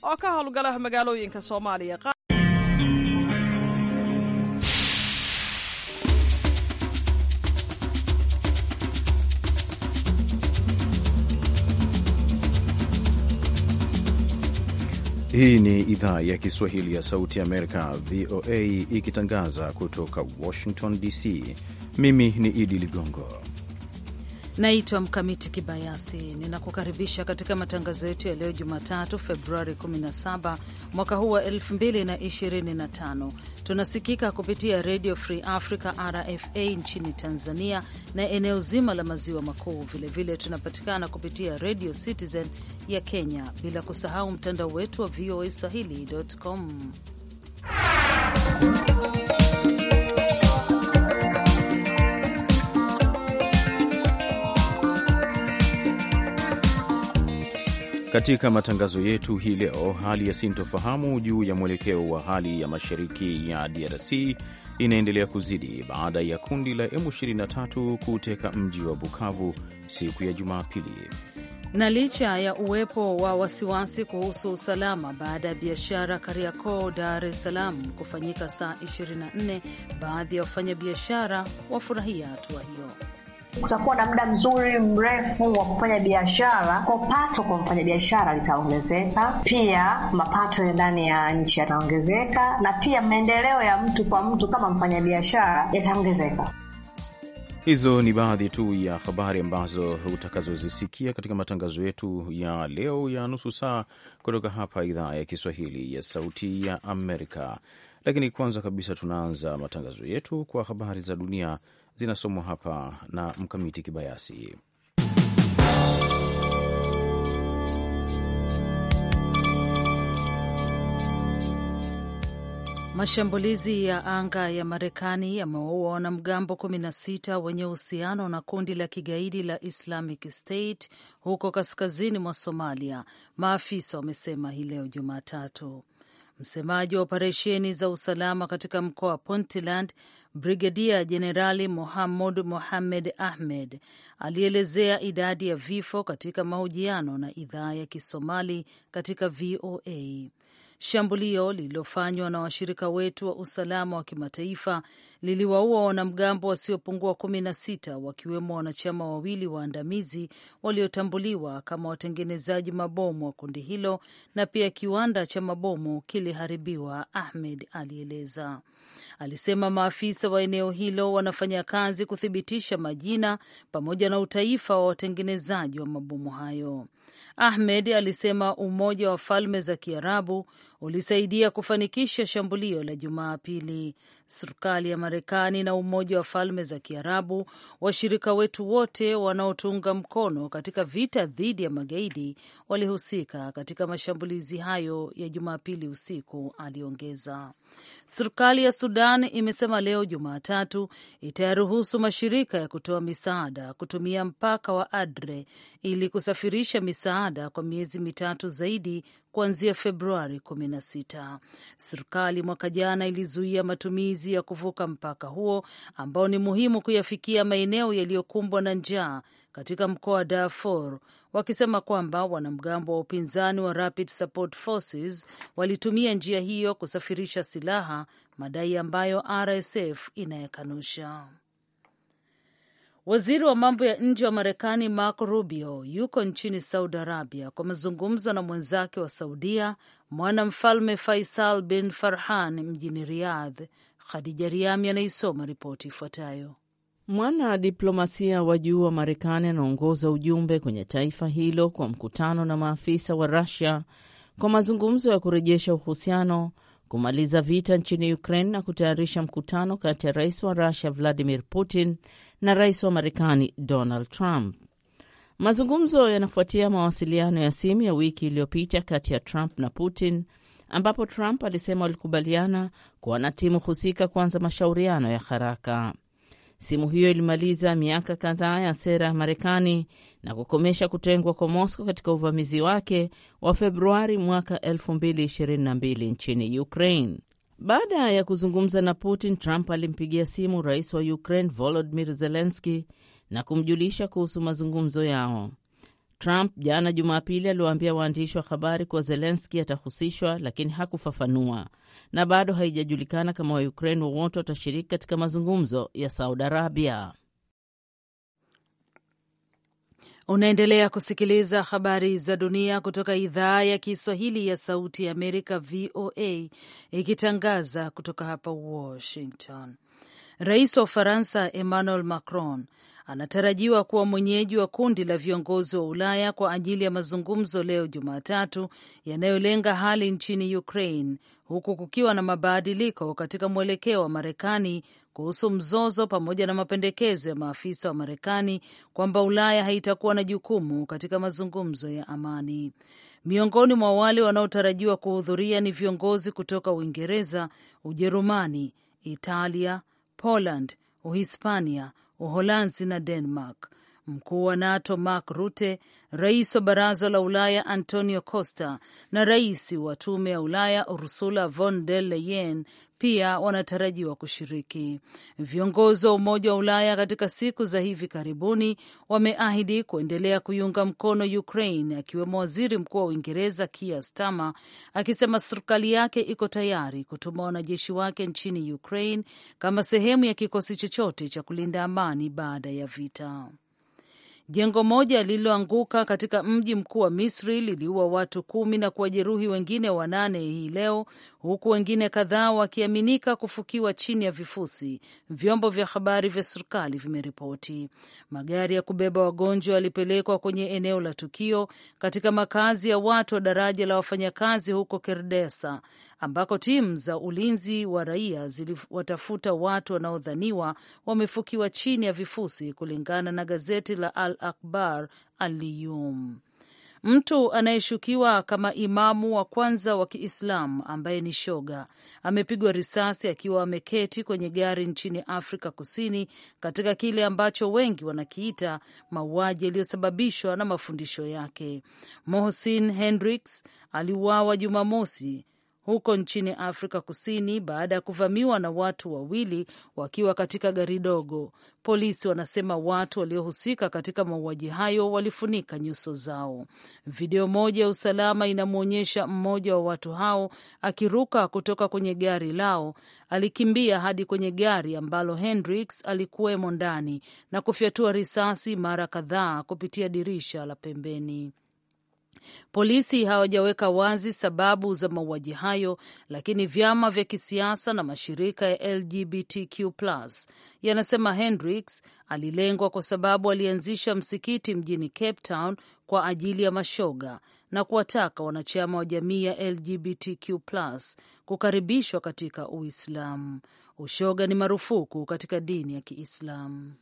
oo ka howlgalaha magaalooyinka soomaaliya Hii ni idhaa ya Kiswahili ya Sauti Amerika, VOA, ikitangaza kutoka Washington DC. Mimi ni Idi Ligongo Naitwa Mkamiti Kibayasi, ninakukaribisha katika matangazo yetu ya leo Jumatatu, Februari 17 mwaka huu wa 2025. Tunasikika kupitia Radio Free Africa, RFA, nchini Tanzania na eneo zima la maziwa makuu. Vilevile tunapatikana kupitia Radio Citizen ya Kenya, bila kusahau mtandao wetu wa VOA swahili.com Katika matangazo yetu hii leo, hali ya sintofahamu juu ya mwelekeo wa hali ya mashariki ya DRC inaendelea kuzidi baada ya kundi la M23 kuteka mji wa Bukavu siku ya Jumapili. Na licha ya uwepo wa wasiwasi kuhusu usalama baada ya biashara Kariakoo, Dar es Salaam kufanyika saa 24, baadhi ya wafanyabiashara wafurahia hatua hiyo utakuwa na muda mzuri mrefu wa kufanya biashara, kwa pato kwa mfanyabiashara litaongezeka, pia mapato ya ndani ya nchi yataongezeka, na pia maendeleo ya mtu kwa mtu kama mfanyabiashara yataongezeka. Hizo ni baadhi tu ya habari ambazo utakazozisikia katika matangazo yetu ya leo ya nusu saa kutoka hapa idhaa ya Kiswahili ya Sauti ya Amerika. Lakini kwanza kabisa tunaanza matangazo yetu kwa habari za dunia zinasomwa hapa na Mkamiti Kibayasi. Mashambulizi ya anga ya Marekani yamewaua wanamgambo 16 wenye uhusiano na kundi la kigaidi la Islamic State huko kaskazini mwa Somalia, maafisa wamesema hii leo Jumatatu. Msemaji wa operesheni za usalama katika mkoa wa Puntland, Brigadia Jenerali Mohamud Mohamed Ahmed alielezea idadi ya vifo katika mahojiano na idhaa ya Kisomali katika VOA. Shambulio lililofanywa na washirika wetu wa usalama wa kimataifa liliwaua wanamgambo wasiopungua kumi na sita wakiwemo wanachama wawili waandamizi waliotambuliwa kama watengenezaji mabomu wa kundi hilo na pia kiwanda cha mabomu kiliharibiwa, Ahmed alieleza. Alisema maafisa wa eneo hilo wanafanya kazi kuthibitisha majina pamoja na utaifa wa watengenezaji wa mabomu hayo. Ahmed alisema Umoja wa Falme za Kiarabu ulisaidia kufanikisha shambulio la Jumapili serikali ya Marekani na Umoja wa Falme za Kiarabu, washirika wetu wote wanaotunga mkono katika vita dhidi ya magaidi walihusika katika mashambulizi hayo ya Jumapili usiku, aliongeza. Serikali ya Sudan imesema leo Jumatatu itayaruhusu mashirika ya kutoa misaada kutumia mpaka wa Adre ili kusafirisha misaada kwa miezi mitatu zaidi kuanzia Februari 16. Serikali mwaka jana ilizuia matumizi ya kuvuka mpaka huo ambao ni muhimu kuyafikia maeneo yaliyokumbwa na njaa katika mkoa wa Darfur wakisema kwamba wanamgambo wa upinzani wa Rapid Support Forces walitumia njia hiyo kusafirisha silaha, madai ambayo RSF inayakanusha. Waziri wa mambo ya nje wa Marekani Marco Rubio yuko nchini Saudi Arabia kwa mazungumzo na mwenzake wa Saudia mwanamfalme Faisal bin Farhan mjini Riyadh. Khadija Riami anaisoma ripoti ifuatayo. Mwana diplomasia wa juu wa Marekani anaongoza ujumbe kwenye taifa hilo kwa mkutano na maafisa wa Rusia kwa mazungumzo ya kurejesha uhusiano, kumaliza vita nchini Ukraine na kutayarisha mkutano kati ya rais wa Rusia Vladimir Putin na rais wa Marekani Donald Trump. Mazungumzo yanafuatia mawasiliano ya simu ya wiki iliyopita kati ya Trump na Putin, ambapo Trump alisema walikubaliana kuwa na timu husika kuanza mashauriano ya haraka. Simu hiyo ilimaliza miaka kadhaa ya sera ya Marekani na kukomesha kutengwa kwa Moscow katika uvamizi wake wa Februari mwaka 2022 nchini Ukraine. Baada ya kuzungumza na Putin, Trump alimpigia simu rais wa Ukraine Volodimir Zelenski na kumjulisha kuhusu mazungumzo yao. Trump jana Jumapili aliwaambia waandishi wa habari kuwa Zelenski atahusishwa, lakini hakufafanua, na bado haijajulikana kama Waukraine wowote watashiriki katika mazungumzo ya Saudi Arabia. Unaendelea kusikiliza habari za dunia kutoka idhaa ya Kiswahili ya Sauti ya Amerika, VOA, ikitangaza kutoka hapa Washington. Rais wa Ufaransa Emmanuel Macron anatarajiwa kuwa mwenyeji wa kundi la viongozi wa Ulaya kwa ajili ya mazungumzo leo Jumatatu yanayolenga hali nchini Ukraine huku kukiwa na mabadiliko katika mwelekeo wa Marekani kuhusu mzozo pamoja na mapendekezo ya maafisa wa Marekani kwamba Ulaya haitakuwa na jukumu katika mazungumzo ya amani. Miongoni mwa wale wanaotarajiwa kuhudhuria ni viongozi kutoka Uingereza, Ujerumani, Italia, Poland, Uhispania, Uholanzi na Denmark mkuu wa NATO Mark Rutte, rais wa baraza la Ulaya Antonio Costa na rais wa tume ya Ulaya Ursula von der Leyen pia wanatarajiwa kushiriki. Viongozi wa Umoja wa Ulaya katika siku za hivi karibuni wameahidi kuendelea kuiunga mkono Ukraine, akiwemo waziri mkuu wa Uingereza Keir Starmer akisema serikali yake iko tayari kutuma wanajeshi wake nchini Ukraine kama sehemu ya kikosi chochote cha kulinda amani baada ya vita. Jengo moja lililoanguka katika mji mkuu wa Misri liliua watu kumi na kuwajeruhi wengine wanane hii leo, huku wengine kadhaa wakiaminika kufukiwa chini ya vifusi, vyombo vya habari vya serikali vimeripoti. Magari ya kubeba wagonjwa yalipelekwa kwenye eneo la tukio katika makazi ya watu wa daraja la wafanyakazi huko Kerdesa ambako timu za ulinzi wa raia ziliwatafuta watu wanaodhaniwa wamefukiwa chini ya vifusi, kulingana na gazeti la Al Akbar Aliyum. Mtu anayeshukiwa kama imamu wa kwanza wa Kiislamu ambaye ni shoga amepigwa risasi akiwa ameketi kwenye gari nchini Afrika Kusini, katika kile ambacho wengi wanakiita mauaji yaliyosababishwa na mafundisho yake. Mohsin Hendricks aliuawa Jumamosi huko nchini Afrika Kusini baada ya kuvamiwa na watu wawili wakiwa katika gari dogo. Polisi wanasema watu waliohusika katika mauaji hayo walifunika nyuso zao. Video moja ya usalama inamwonyesha mmoja wa watu hao akiruka kutoka kwenye gari lao. Alikimbia hadi kwenye gari ambalo Hendricks alikuwemo ndani na kufyatua risasi mara kadhaa kupitia dirisha la pembeni. Polisi hawajaweka wazi sababu za mauaji hayo, lakini vyama vya kisiasa na mashirika ya LGBTQ yanasema Hendricks alilengwa kwa sababu alianzisha msikiti mjini Cape Town kwa ajili ya mashoga na kuwataka wanachama wa jamii ya LGBTQ kukaribishwa katika Uislamu. Ushoga ni marufuku katika dini ya Kiislamu.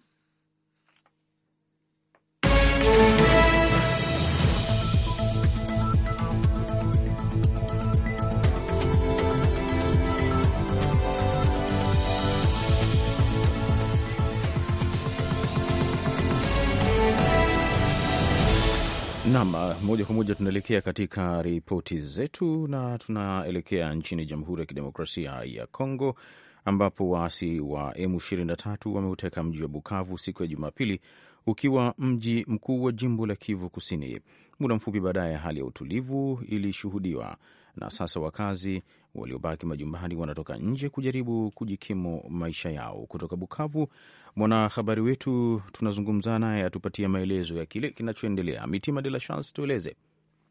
Nam, ah, moja kwa moja tunaelekea katika ripoti zetu na tunaelekea nchini Jamhuri ya Kidemokrasia ya Kongo ambapo waasi wa M23 wameuteka mji wa Bukavu siku ya Jumapili, ukiwa mji mkuu wa jimbo la Kivu Kusini. Muda mfupi baadaye, hali ya utulivu ilishuhudiwa na sasa wakazi waliobaki majumbani wanatoka nje kujaribu kujikimu maisha yao. Kutoka Bukavu, Mwanahabari wetu tunazungumza naye atupatia maelezo ya kile kinachoendelea. Mitima de la Chance, tueleze.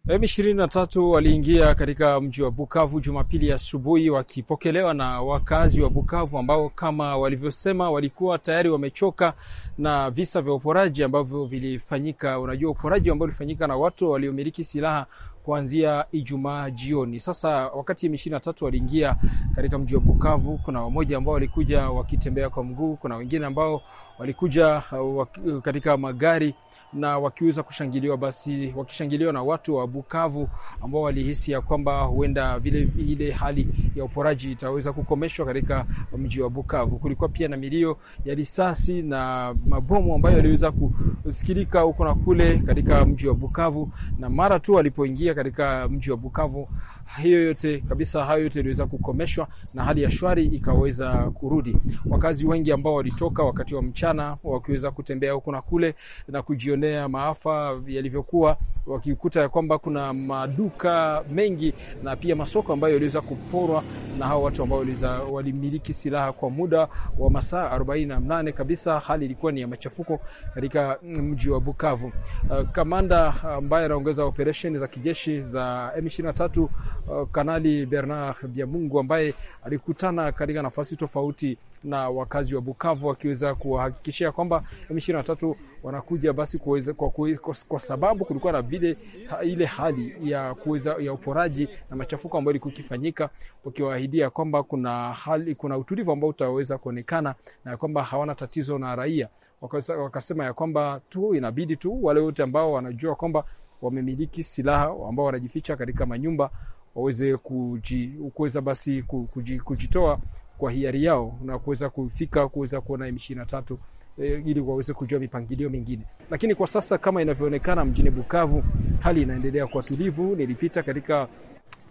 M23 waliingia katika mji wa Bukavu Jumapili asubuhi wakipokelewa na wakazi wa Bukavu ambao kama walivyosema walikuwa tayari wamechoka na visa vya uporaji ambavyo vilifanyika. Unajua, uporaji ambao ulifanyika na watu waliomiliki silaha kuanzia Ijumaa jioni. Sasa wakati M23 waliingia katika mji wa Bukavu, kuna wamoja ambao walikuja wakitembea kwa mguu, kuna wengine ambao walikuja uh, uh, katika magari na wakiweza kushangiliwa, basi wakishangiliwa na watu wa Bukavu ambao walihisi ya kwamba huenda vile ile hali ya uporaji itaweza kukomeshwa katika mji wa Bukavu. Kulikuwa pia na milio ya risasi na mabomu ambayo yaliweza kusikilika huko na kule katika mji wa Bukavu, na mara tu walipoingia katika mji wa Bukavu hiyo yote kabisa, hayo yote iliweza kukomeshwa na hali ya shwari ikaweza kurudi. Wakazi wengi ambao walitoka wakati wa mchana wakiweza kutembea huku na kule na kujionea maafa yalivyokuwa, wakikuta ya kwamba kuna maduka mengi na pia masoko ambayo yaliweza kuporwa na hao watu ambao walimiliki silaha kwa muda wa masaa 48 kabisa. Hali ilikuwa ni ya machafuko katika mji wa Bukavu. Uh, kamanda ambaye anaongeza operesheni za kijeshi za M23 Uh, Kanali Bernard Biamungu ambaye alikutana katika nafasi tofauti na wakazi wa Bukavu wakiweza kuwahakikishia kwamba M23 wanakuja basi kuweza, kwa, kwa, kwa sababu kulikuwa na vile ha, ile hali ya kuweza ya uporaji na machafuko ambayo ilikuwa ikifanyika, wakiwaahidia kwamba kuna hali, kuna utulivu ambao utaweza kuonekana na kwamba hawana tatizo na raia. Wakasema ya kwamba tu inabidi tu wale wote ambao wanajua kwamba wamemiliki silaha ambao wanajificha katika manyumba waweze kuweza basi kujitoa kwa hiari yao na kuweza kufika kuweza kuona M23 e, ili waweze kujua mipangilio mingine. Lakini kwa sasa kama inavyoonekana mjini Bukavu hali inaendelea kwa tulivu. Nilipita katika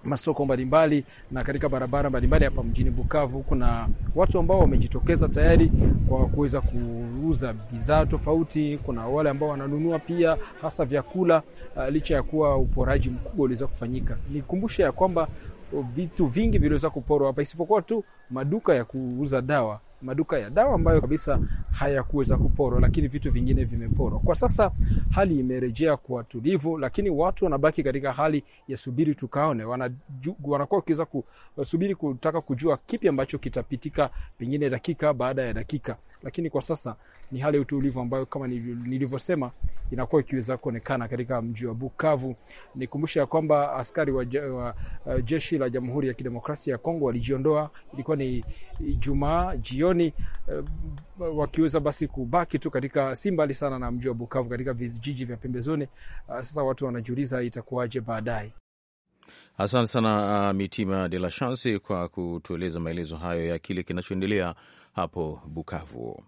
masoko mbalimbali na katika barabara mbalimbali hapa mjini Bukavu. Kuna watu ambao wamejitokeza tayari kwa kuweza kuuza bidhaa tofauti. Kuna wale ambao wananunua pia hasa vyakula, uh, licha ya kuwa uporaji mkubwa uliweza kufanyika. Nikumbushe ya kwamba uh, vitu vingi viliweza kuporwa hapa isipokuwa tu maduka ya kuuza dawa maduka ya dawa ambayo kabisa hayakuweza kuporwa, lakini vitu vingine vimeporwa. Kwa sasa hali imerejea kwa tulivu, lakini watu wanabaki katika hali ya subiri tukaone, wanakuwa wakiweza kusubiri kutaka kujua kipi ambacho kitapitika pengine dakika baada ya dakika, lakini kwa sasa ni hali ya utulivu ambayo kama nilivyosema inakuwa ikiweza kuonekana katika mji wa Bukavu. Nikumbusha ya kwamba askari wa, wa uh, jeshi la Jamhuri ya Kidemokrasia ya Kongo walijiondoa, ilikuwa ni Ijumaa jioni uh, wakiweza basi kubaki tu katika si mbali sana na mji wa Bukavu katika vijiji vya pembezoni. Uh, sasa watu wanajiuliza itakuwaje baadaye. Asante sana uh, Mitima de la Chance kwa kutueleza maelezo hayo ya kile kinachoendelea hapo Bukavu.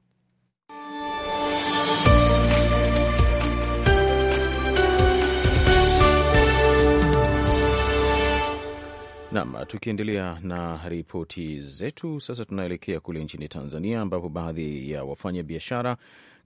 Nam, tukiendelea na ripoti zetu sasa, tunaelekea kule nchini Tanzania ambapo baadhi ya wafanya biashara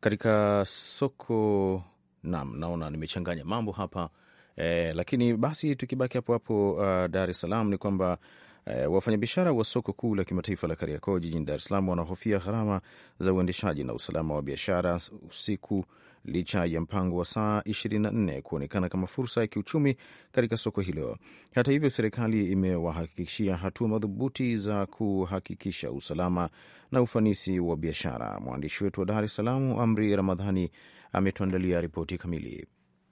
katika soko nam naona nimechanganya mambo hapa eh, lakini basi tukibaki hapo hapo uh, Dar es Salaam ni kwamba eh, wafanyabiashara wa soko kuu la kimataifa la Kariakoo jijini Dar es Salaam wanahofia gharama za uendeshaji na usalama wa biashara usiku licha ya mpango wa saa 24 kuonekana kama fursa ya kiuchumi katika soko hilo. Hata hivyo, serikali imewahakikishia hatua madhubuti za kuhakikisha usalama na ufanisi wa biashara. Mwandishi wetu wa Dar es Salaam, Amri Ramadhani, ametuandalia ripoti kamili.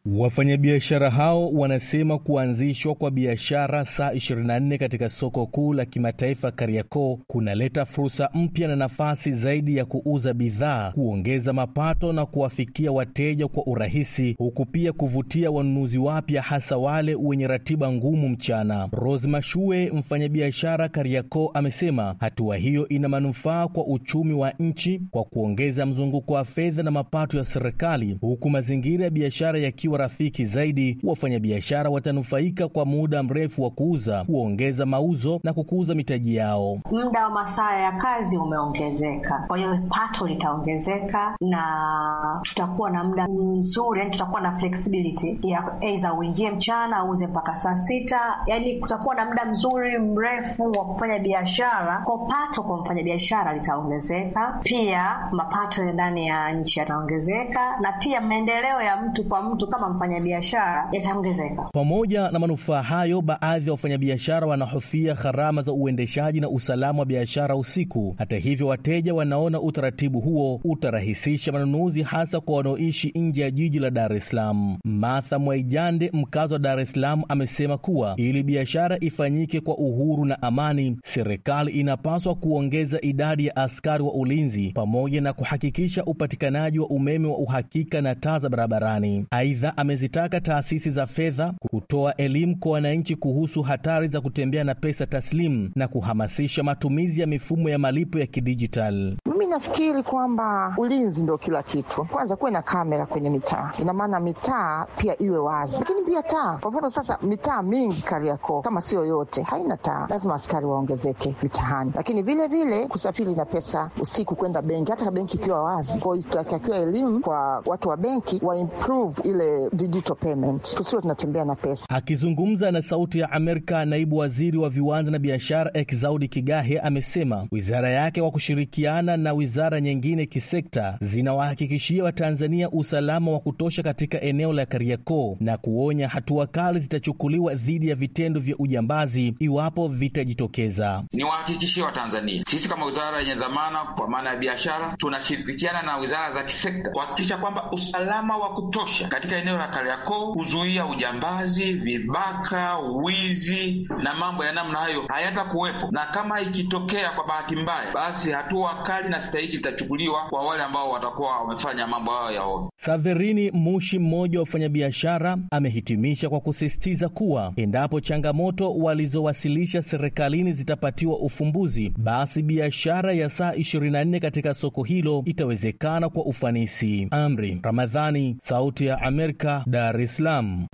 Wafanyabiashara hao wanasema kuanzishwa kwa biashara saa 24 katika soko kuu la kimataifa Kariakoo kunaleta fursa mpya na nafasi zaidi ya kuuza bidhaa, kuongeza mapato na kuwafikia wateja kwa urahisi, huku pia kuvutia wanunuzi wapya, hasa wale wenye ratiba ngumu mchana. Rose Mashue, mfanyabiashara Kariakoo, amesema hatua hiyo ina manufaa kwa uchumi wa nchi kwa kuongeza mzunguko wa fedha na mapato ya serikali, huku mazingira ya biashara yaki ukiwa rafiki zaidi, wafanyabiashara watanufaika kwa muda mrefu wa kuuza, kuongeza mauzo na kukuza mitaji yao. Muda wa masaa ya kazi umeongezeka, kwa hiyo pato litaongezeka na tutakuwa na muda mzuri, yani tutakuwa na flexibility ya aidha uingie mchana uuze mpaka saa sita, yani kutakuwa na muda mzuri mrefu wa kufanya biashara. Kwa pato kwa mfanyabiashara litaongezeka, pia mapato ya ndani ya nchi yataongezeka, na pia maendeleo ya mtu kwa mtu kama mfanyabiashara yataongezeka. Pamoja na manufaa hayo, baadhi ya wafanyabiashara wanahofia gharama za uendeshaji na usalama wa biashara usiku. Hata hivyo, wateja wanaona utaratibu huo utarahisisha manunuzi, hasa kwa wanaoishi nje ya jiji la Dar es Salaam. Martha Mwaijande, mkazi wa Dar es Salaam, amesema kuwa ili biashara ifanyike kwa uhuru na amani, serikali inapaswa kuongeza idadi ya askari wa ulinzi pamoja na kuhakikisha upatikanaji wa umeme wa uhakika na taa za barabarani. Aidha, Aidha, amezitaka taasisi za fedha kutoa elimu kwa wananchi kuhusu hatari za kutembea na pesa taslimu na kuhamasisha matumizi ya mifumo ya malipo ya kidijitali. Mimi nafikiri kwamba ulinzi ndio kila kitu. Kwanza kuwe na kamera kwenye mitaa, ina maana mitaa pia iwe wazi, lakini pia taa. Kwa mfano sasa, mitaa mingi Kariakoo kama sio yote haina taa, lazima askari waongezeke mitaani, lakini vile vile kusafiri na pesa usiku kwenda benki, hata benki ikiwa wazi. Kwa hiyo elimu kwa watu wa benki waimprove ile digital payment, tusiwe tunatembea na pesa. Akizungumza na Sauti ya Amerika, naibu waziri wa viwanda na biashara Exaudi Kigahe amesema wizara yake kwa kushirikiana na wizara nyingine kisekta zinawahakikishia Watanzania usalama wa kutosha katika eneo la Kariakoo na kuonya hatua kali zitachukuliwa dhidi ya vitendo vya ujambazi iwapo vitajitokeza. Niwahakikishie Watanzania, sisi kama wizara yenye dhamana kwa maana ya biashara tunashirikiana na wizara za kisekta kuhakikisha kwamba usalama wa kutosha katika eneo la Kariakoo kuzuia ujambazi, vibaka, wizi na mambo ya namna hayo hayatakuwepo, na kama ikitokea kwa bahati mbaya, basi hatua kali na stahiki zitachukuliwa kwa wale ambao watakuwa wamefanya mambo hayo ya ovyo. Saverini Mushi, mmoja wa wafanyabiashara, amehitimisha kwa kusisitiza kuwa endapo changamoto walizowasilisha serikalini zitapatiwa ufumbuzi, basi biashara ya saa 24 katika soko hilo itawezekana kwa ufanisi. Amri Ramadhani, Sauti ya Amerika, Amerika, Dar es Salaam.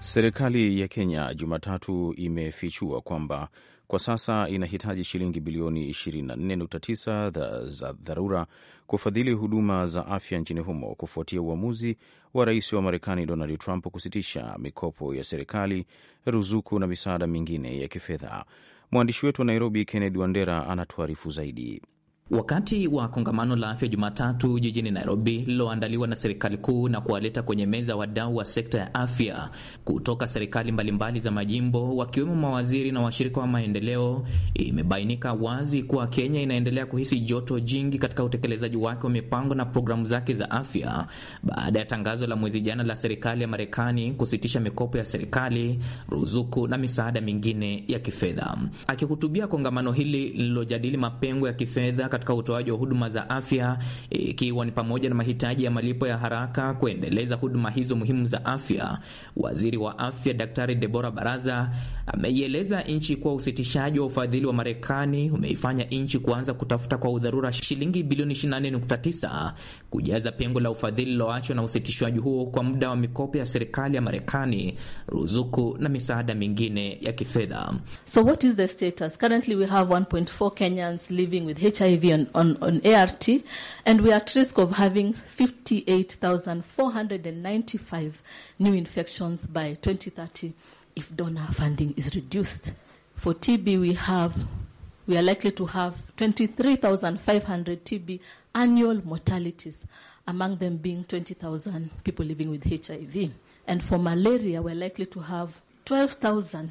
Serikali ya Kenya Jumatatu imefichua kwamba kwa sasa inahitaji shilingi bilioni 24.9 za dharura kufadhili huduma za afya nchini humo kufuatia uamuzi wa rais wa Marekani Donald Trump kusitisha mikopo ya serikali, ruzuku na misaada mingine ya kifedha. Mwandishi wetu wa Nairobi, Kennedy Wandera, anatuarifu zaidi. Wakati wa kongamano la afya Jumatatu jijini Nairobi lililoandaliwa na serikali kuu na kuwaleta kwenye meza wadau wa sekta ya afya kutoka serikali mbalimbali za majimbo wakiwemo mawaziri na washirika wa maendeleo, imebainika wazi kuwa Kenya inaendelea kuhisi joto jingi katika utekelezaji wake wa mipango na programu zake za afya baada ya tangazo la mwezi jana la serikali ya Marekani kusitisha mikopo ya serikali, ruzuku na misaada mingine ya kifedha. Akihutubia kongamano hili lililojadili mapengo ya kifedha katika utoaji wa huduma za afya ikiwa ni pamoja na mahitaji ya malipo ya haraka kuendeleza huduma hizo muhimu za afya. Waziri wa afya Daktari Debora Baraza ameieleza nchi kuwa usitishaji wa ufadhili wa Marekani umeifanya nchi kuanza kutafuta kwa udharura shilingi bilioni 24.9 kujaza pengo la ufadhili liloachwa na usitishwaji huo kwa muda wa mikopo ya serikali ya Marekani, ruzuku na misaada mingine ya kifedha. So what is the status? Currently we have 1.4 Kenyans living with HIV on, on ART, and we are at risk of having 58,495 new infections by 2030 if donor funding is reduced. For TB, we have we are likely to have 23,500 TB annual mortalities, among them being 20,000 people living with HIV. And for malaria, we're likely to have 12,000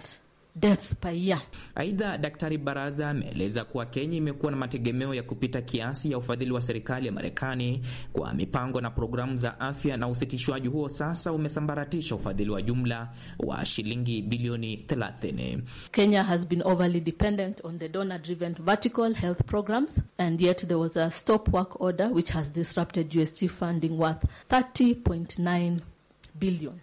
deaths per year. Aidha, Daktari Baraza ameeleza kuwa Kenya imekuwa na mategemeo ya kupita kiasi ya ufadhili wa serikali ya Marekani kwa mipango na programu za afya, na usitishwaji huo sasa umesambaratisha ufadhili wa jumla wa shilingi bilioni 30. Kenya has been overly dependent on the donor driven vertical health programs and yet there was a stop work order which has disrupted USG funding worth 30.9 billion.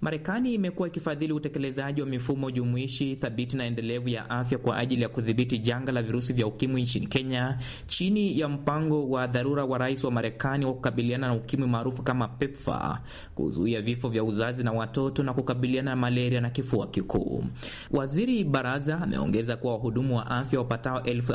Marekani imekuwa ikifadhili utekelezaji wa mifumo jumuishi thabiti na endelevu ya afya kwa ajili ya kudhibiti janga la virusi vya ukimwi nchini Kenya chini ya mpango wa dharura wa rais wa Marekani wa kukabiliana na ukimwi maarufu kama PEPFA, kuzuia vifo vya uzazi na watoto na kukabiliana na malaria na kifua kikuu. Waziri Baraza ameongeza kuwa wahudumu wa afya wapatao elfu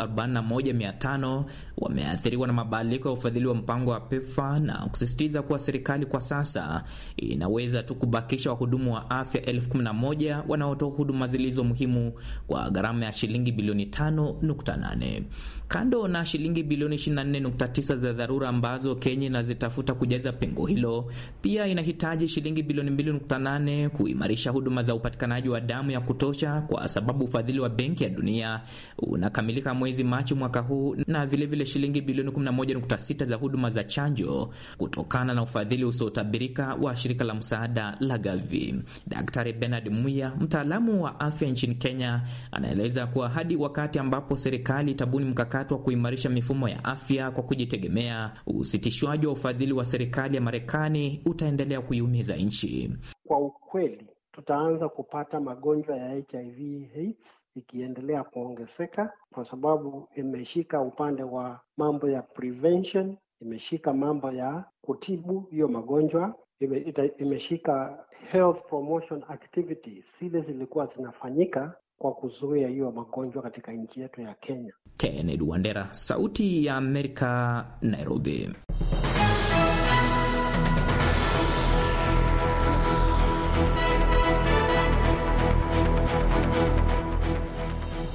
wameathiriwa na mabadiliko ya ufadhili wa mpango wa PEPFA na kusisitiza kuwa serikali kwa sasa inaweza imeweza tu kubakisha wahudumu wa afya elfu kumi na moja wanaotoa huduma zilizo muhimu kwa gharama ya shilingi bilioni 5.8 kando na shilingi bilioni 24.9 za dharura ambazo Kenya inazitafuta kujaza pengo hilo, pia inahitaji shilingi bilioni 2.8 kuimarisha huduma za upatikanaji wa damu ya kutosha, kwa sababu ufadhili wa Benki ya Dunia unakamilika mwezi Machi mwaka huu, na vilevile vile shilingi bilioni 11.6 za huduma za chanjo kutokana na ufadhili usiotabirika wa shirika la msaada la Gavi. Daktari Bernard Muya, mtaalamu wa afya nchini Kenya, anaeleza kuwa hadi wakati ambapo serikali itabuni mkakati wa kuimarisha mifumo ya afya kwa kujitegemea, usitishwaji wa ufadhili wa serikali ya Marekani utaendelea kuiumiza nchi. Kwa ukweli, tutaanza kupata magonjwa ya HIV AIDS ikiendelea kuongezeka kwa sababu imeshika upande wa mambo ya prevention, imeshika mambo ya kutibu hiyo magonjwa imeshika health promotion activities zile zilikuwa zinafanyika kwa kuzuia hiyo magonjwa katika nchi yetu ya Kenya. Kennedy Wandera, Sauti ya Amerika, Nairobi.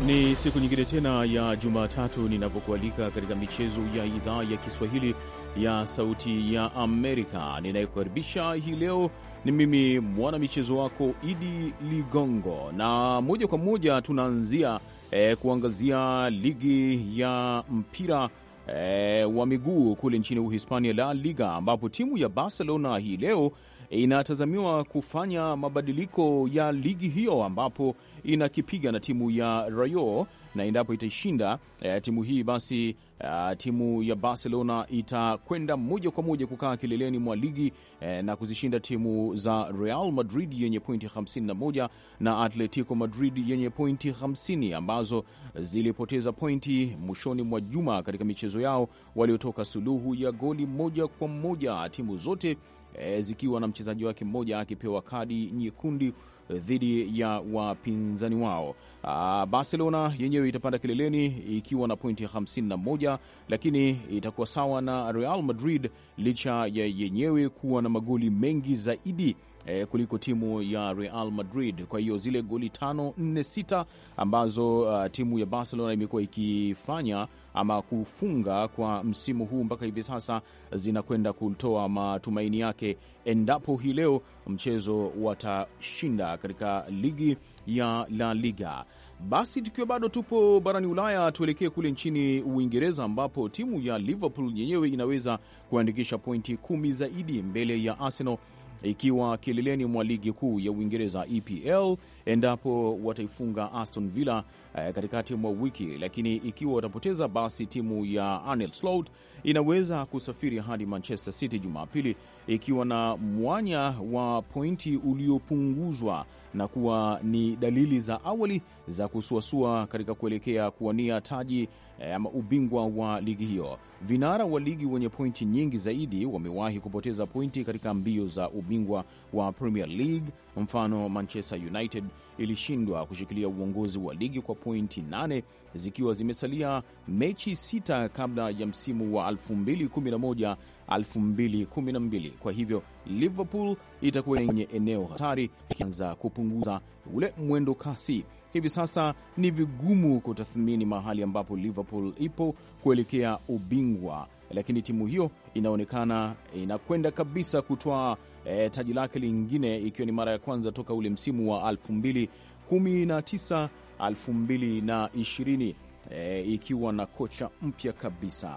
Ni siku nyingine tena ya Jumatatu ninapokualika katika michezo ya idhaa ya Kiswahili ya Sauti ya Amerika. Ninayekukaribisha hii leo ni mimi mwanamichezo wako Idi Ligongo, na moja kwa moja tunaanzia e, kuangazia ligi ya mpira e, wa miguu kule nchini Uhispania, La Liga, ambapo timu ya Barcelona hii leo inatazamiwa kufanya mabadiliko ya ligi hiyo ambapo inakipiga na timu ya Rayo na endapo itaishinda eh, timu hii basi eh, timu ya Barcelona itakwenda moja kwa moja kukaa kileleni mwa ligi eh, na kuzishinda timu za Real Madrid yenye pointi 51 na Atletico Madrid yenye pointi 50 ambazo zilipoteza pointi mwishoni mwa juma katika michezo yao waliotoka suluhu ya goli moja kwa moja. Timu zote e, zikiwa na mchezaji wake mmoja akipewa kadi nyekundu e, dhidi ya wapinzani wao. Aa, Barcelona yenyewe itapanda kileleni ikiwa na pointi 51, lakini itakuwa sawa na Real Madrid licha ya yenyewe kuwa na magoli mengi zaidi eh, kuliko timu ya Real Madrid. Kwa hiyo zile goli tano nne sita ambazo uh, timu ya Barcelona imekuwa ikifanya ama kufunga kwa msimu huu mpaka hivi sasa zinakwenda kutoa matumaini yake endapo hii leo mchezo watashinda katika ligi ya La Liga. Basi tukiwa bado tupo barani Ulaya, tuelekee kule nchini Uingereza ambapo timu ya Liverpool yenyewe inaweza kuandikisha pointi kumi zaidi mbele ya Arsenal ikiwa kileleni mwa ligi kuu ya Uingereza EPL endapo wataifunga Aston Villa eh, katikati mwa wiki, lakini ikiwa watapoteza, basi timu ya arnel Slot inaweza kusafiri hadi Manchester City Jumapili ikiwa na mwanya wa pointi uliopunguzwa na kuwa ni dalili za awali za kusuasua katika kuelekea kuwania taji eh, ama ubingwa wa ligi hiyo. Vinara wa ligi wenye pointi nyingi zaidi wamewahi kupoteza pointi katika mbio za ubingwa wa Premier League, mfano Manchester United ilishindwa kushikilia uongozi wa ligi kwa pointi 8 zikiwa zimesalia mechi sita kabla ya msimu wa 2011 2012. Kwa hivyo Liverpool itakuwa yenye eneo hatari ikianza kupunguza ule mwendo kasi. Hivi sasa ni vigumu kutathmini mahali ambapo Liverpool ipo kuelekea ubingwa lakini timu hiyo inaonekana inakwenda kabisa kutoa e, eh, taji lake lingine, ikiwa ni mara ya kwanza toka ule msimu wa 2019 2020 e, ikiwa na kocha mpya kabisa.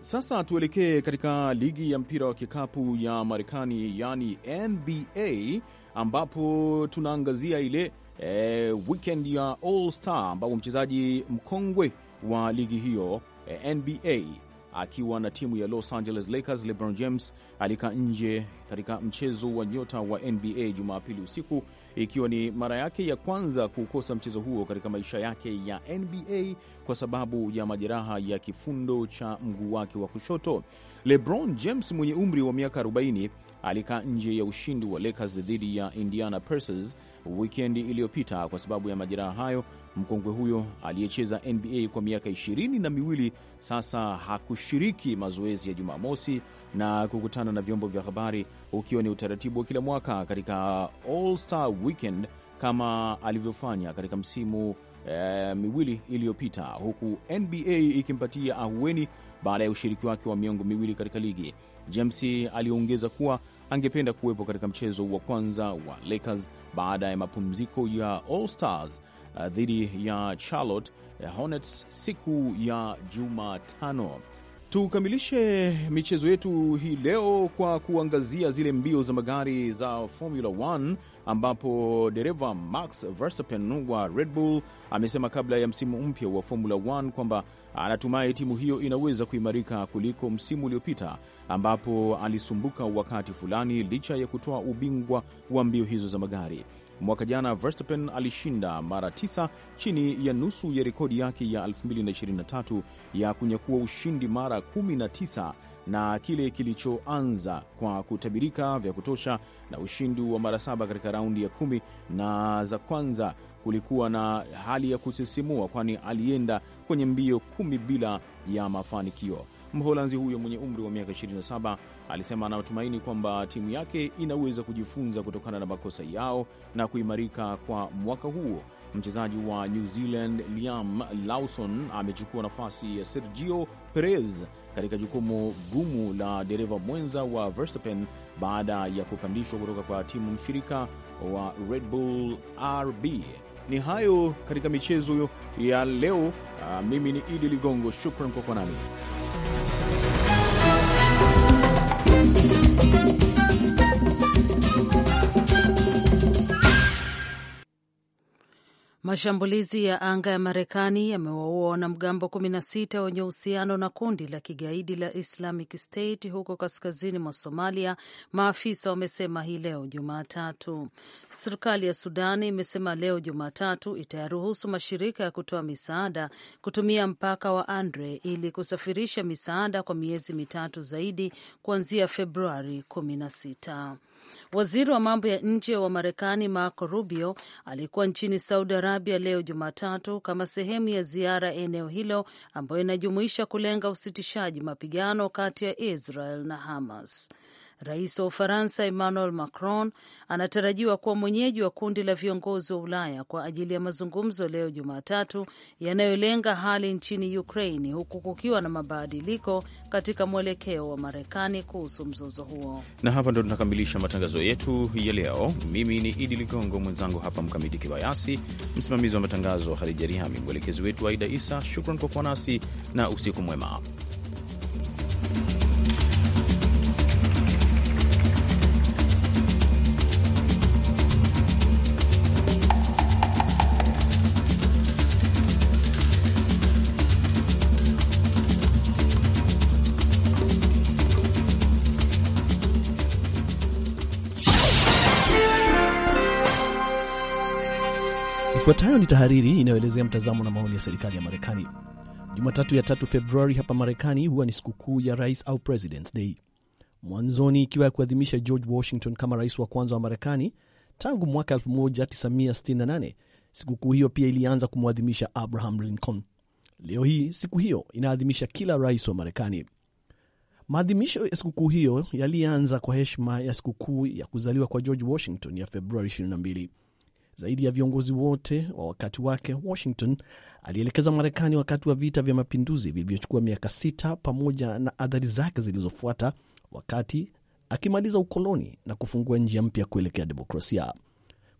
Sasa tuelekee katika ligi ya mpira wa kikapu ya Marekani, yani NBA, ambapo tunaangazia ile e, weekend ya All Star, ambapo mchezaji mkongwe wa ligi hiyo e, eh, NBA akiwa na timu ya Los Angeles Lakers, LeBron James alikaa nje katika mchezo wa nyota wa NBA Jumapili usiku, ikiwa ni mara yake ya kwanza kukosa mchezo huo katika maisha yake ya NBA kwa sababu ya majeraha ya kifundo cha mguu wake wa kushoto. LeBron James mwenye umri wa miaka 40 alikaa nje ya ushindi wa Lakers dhidi ya Indiana Pacers wikendi iliyopita kwa sababu ya majeraha hayo Mkongwe huyo aliyecheza NBA kwa miaka ishirini na miwili sasa hakushiriki mazoezi ya Jumamosi na kukutana na vyombo vya habari, ukiwa ni utaratibu wa kila mwaka katika All Star Weekend kama alivyofanya katika msimu e, miwili iliyopita, huku NBA ikimpatia ahueni baada ya ushiriki wake wa miongo miwili katika ligi. James aliongeza kuwa angependa kuwepo katika mchezo wa kwanza wa Lakers baada ya mapumziko ya All Stars Uh, dhidi ya Charlotte uh, Hornets siku ya Jumatano. Tukamilishe michezo yetu hii leo kwa kuangazia zile mbio za magari za Formula 1 ambapo dereva Max Verstappen wa Red Bull amesema kabla ya msimu mpya wa Formula 1 kwamba anatumai timu hiyo inaweza kuimarika kuliko msimu uliopita ambapo alisumbuka wakati fulani licha ya kutoa ubingwa wa mbio hizo za magari. Mwaka jana Verstappen alishinda mara tisa, chini ya nusu ya rekodi yake ya 2023 ya kunyakua ushindi mara 19 na kile kilichoanza kwa kutabirika vya kutosha na ushindi wa mara saba katika raundi ya kumi na za kwanza kulikuwa na hali ya kusisimua kwani alienda kwenye mbio kumi bila ya mafanikio. Mholanzi huyo mwenye umri wa miaka 27 alisema anatumaini kwamba timu yake inaweza kujifunza kutokana na makosa yao na kuimarika kwa mwaka huo. Mchezaji wa New Zealand Liam Lawson amechukua nafasi ya Sergio Perez katika jukumu gumu la dereva mwenza wa Verstappen baada ya kupandishwa kutoka kwa timu mshirika wa Red Bull RB. Ni hayo katika michezo ya leo. Ah, mimi ni Idi Ligongo, shukran kwa kuwa nami. Mashambulizi ya anga ya Marekani yamewaua wanamgambo 16 wenye uhusiano na kundi la kigaidi la Islamic State huko kaskazini mwa Somalia, maafisa wamesema hii leo Jumatatu. Serikali ya Sudani imesema leo Jumatatu itayaruhusu mashirika ya kutoa misaada kutumia mpaka wa Andre ili kusafirisha misaada kwa miezi mitatu zaidi kuanzia Februari 16. Waziri wa mambo ya nje wa Marekani Marco Rubio alikuwa nchini Saudi Arabia leo Jumatatu kama sehemu ya ziara ya eneo hilo ambayo inajumuisha kulenga usitishaji mapigano kati ya Israel na Hamas. Rais wa Ufaransa Emmanuel Macron anatarajiwa kuwa mwenyeji wa kundi la viongozi wa Ulaya kwa ajili ya mazungumzo leo Jumatatu yanayolenga hali nchini ukraini huku kukiwa na mabadiliko katika mwelekeo wa Marekani kuhusu mzozo huo. Na hapa ndo tunakamilisha matangazo yetu ya leo. Mimi ni Idi Ligongo, mwenzangu hapa Mkamiti Kibayasi, msimamizi wa matangazo Hadija Riami, mwelekezi wetu Aida Isa. Shukran kwa kuwa nasi na usiku mwema. Ifuatayo ni tahariri inayoelezea mtazamo na maoni ya serikali ya Marekani. Jumatatu ya tatu Februari hapa Marekani huwa ni sikukuu ya rais au Presidents Day, mwanzoni ikiwa ya kuadhimisha George Washington kama rais wa kwanza wa Marekani tangu mwaka 1968. Sikukuu hiyo pia ilianza kumwadhimisha Abraham Lincoln. Leo hii siku hiyo inaadhimisha kila rais wa Marekani. Maadhimisho ya sikukuu hiyo yalianza kwa heshima ya sikukuu ya kuzaliwa kwa George Washington ya Februari 22. Zaidi ya viongozi wote wa wakati wake, Washington alielekeza Marekani wakati wa vita vya mapinduzi vilivyochukua miaka sita pamoja na athari zake zilizofuata, wakati akimaliza ukoloni na kufungua njia mpya kuelekea demokrasia.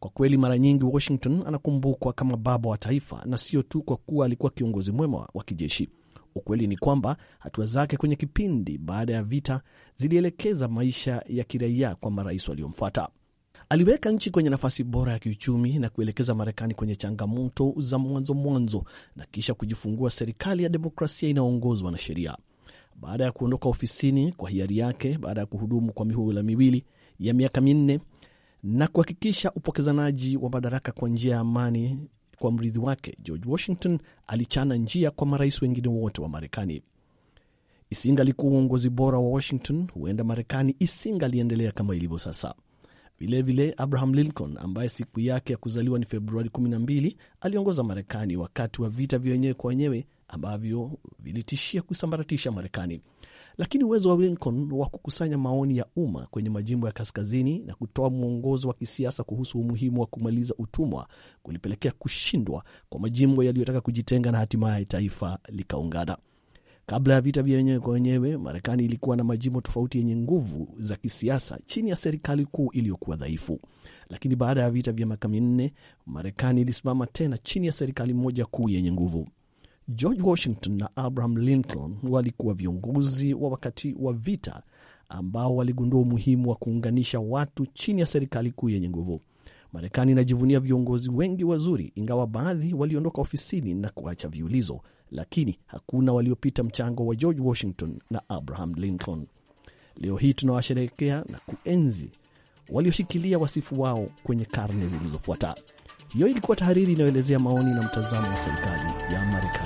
Kwa kweli, mara nyingi Washington anakumbukwa kama baba wa taifa, na sio tu kwa kuwa alikuwa kiongozi mwema wa kijeshi. Ukweli ni kwamba hatua zake kwenye kipindi baada ya vita zilielekeza maisha ya kiraia kwa marais waliomfuata aliweka nchi kwenye nafasi bora ya kiuchumi na kuelekeza Marekani kwenye changamoto za mwanzo mwanzo na kisha kujifungua serikali ya demokrasia inayoongozwa na sheria. Baada ya kuondoka ofisini kwa hiari yake, baada ya kuhudumu kwa mihula miwili ya miaka minne na kuhakikisha upokezanaji wa madaraka kwa njia ya amani kwa mrithi wake George Washington, alichana njia kwa marais wengine wote wa Marekani. Isingalikuwa uongozi bora wa Washington, huenda Marekani isingaliendelea kama ilivyo sasa. Vilevile Abraham Lincoln ambaye siku yake ya kuzaliwa ni Februari 12 aliongoza Marekani wakati wa vita vya wenyewe kwa wenyewe ambavyo vilitishia kusambaratisha Marekani. Lakini uwezo wa Lincoln wa kukusanya maoni ya umma kwenye majimbo ya kaskazini na kutoa mwongozo wa kisiasa kuhusu umuhimu wa kumaliza utumwa kulipelekea kushindwa kwa majimbo yaliyotaka kujitenga na hatimaye taifa likaungana. Kabla ya vita vya wenyewe kwa wenyewe, Marekani ilikuwa na majimbo tofauti yenye nguvu za kisiasa chini ya serikali kuu iliyokuwa dhaifu, lakini baada ya vita vya miaka minne, Marekani ilisimama tena chini ya serikali moja kuu yenye nguvu. George Washington na Abraham Lincoln walikuwa viongozi wa wakati wa vita ambao waligundua umuhimu wa kuunganisha watu chini ya serikali kuu yenye nguvu. Marekani inajivunia viongozi wengi wazuri, ingawa baadhi waliondoka ofisini na kuacha viulizo lakini hakuna waliopita mchango wa George Washington na Abraham Lincoln. Leo hii tunawasherehekea na kuenzi walioshikilia wasifu wao kwenye karne zilizofuata. Hiyo ilikuwa tahariri inayoelezea maoni na mtazamo wa serikali ya Marekani.